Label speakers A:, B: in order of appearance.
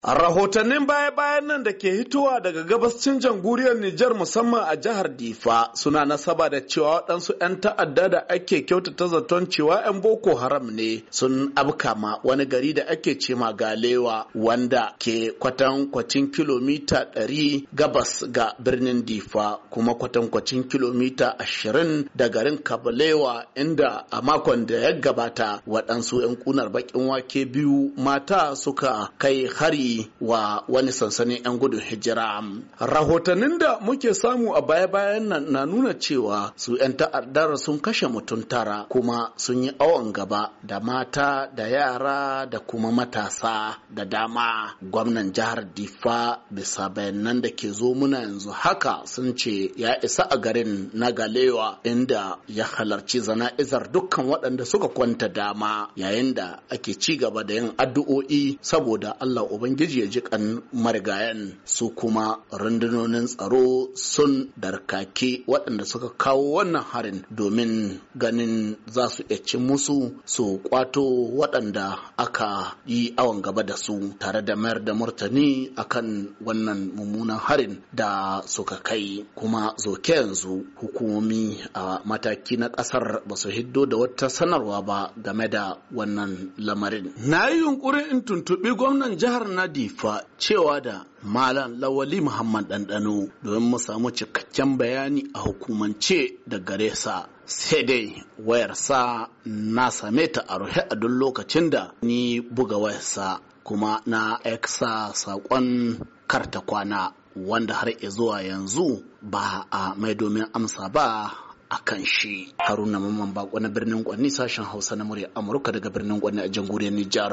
A: A rahotannin baya-bayan nan da ke hitowa daga gabas cin jamhuriyar Nijar musamman a jihar Difa suna nasaba da cewa waɗansu 'yan ta'adda da ake kyautata zaton cewa 'yan Boko Haram ne sun abkama wani gari da ake ce Galewa wanda ke kwatan-kwacin kilomita 100 gabas ga birnin Difa kuma kwatankwacin kilomita 20 da garin Kabalewa inda a makon da ya gabata waɗansu 'yan kunar baƙin wake biyu mata suka kai hari yi wa wani sansanin 'yan gudun hijira rahotannin da muke samu a baya-bayan nan na nuna cewa su 'yan ta'addar sun kashe mutum tara kuma sun yi awon gaba da mata da yara da kuma matasa da dama gwamnan jihar difa bisa bayanan da ke zo muna yanzu haka sun ce ya isa a garin na galewa inda ya halarci zana'izar dukkan waɗanda suka kwanta dama yayin da ake ci gaba da yin addu'o'i saboda allah ubangiji ubangiji ya ji kan marigayen su kuma rundunonin tsaro sun darkake waɗanda suka kawo wannan harin domin ganin za su ci musu su kwato waɗanda aka yi awon gaba da su tare da mayar da martani akan wannan mummunan harin da suka kai kuma zoke yanzu hukumomi a mataki na ƙasar ba su hiddo da wata sanarwa ba game da wannan lamarin na yi yunkurin in tuntuɓi gwamnan jihar na difa cewa da malam lawali muhammad ɗanɗano domin mu samu cikakken bayani a hukumance da gare sa sai dai wayarsa na same ta a rufe a duk lokacin da ni buga wayarsa kuma na aiksa saƙon karta kwana wanda har zuwa yanzu ba a mai domin amsa ba a kan shi haruna mamman bako na birnin kwanni sashen hausa na murya amurka daga birnin kwanni a jamhuriyar nijar